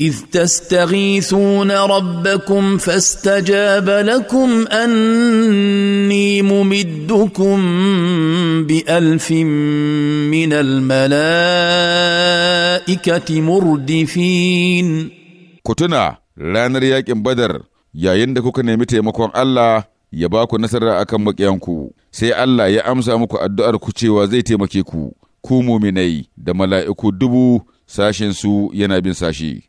اذ تستغيثون ربكم فاستجاب لكم اني ممدكم بالف من الملائكه مردفين كتنا ranar yaƙin badar yayin da kuka nemi taimakon Allah ya baku ku nasara akan maƙiyanku sai Allah ya amsa muku addu'ar ku cewa zai taimake ku ku muminai da mala'iku dubu sashen su yana bin sashe.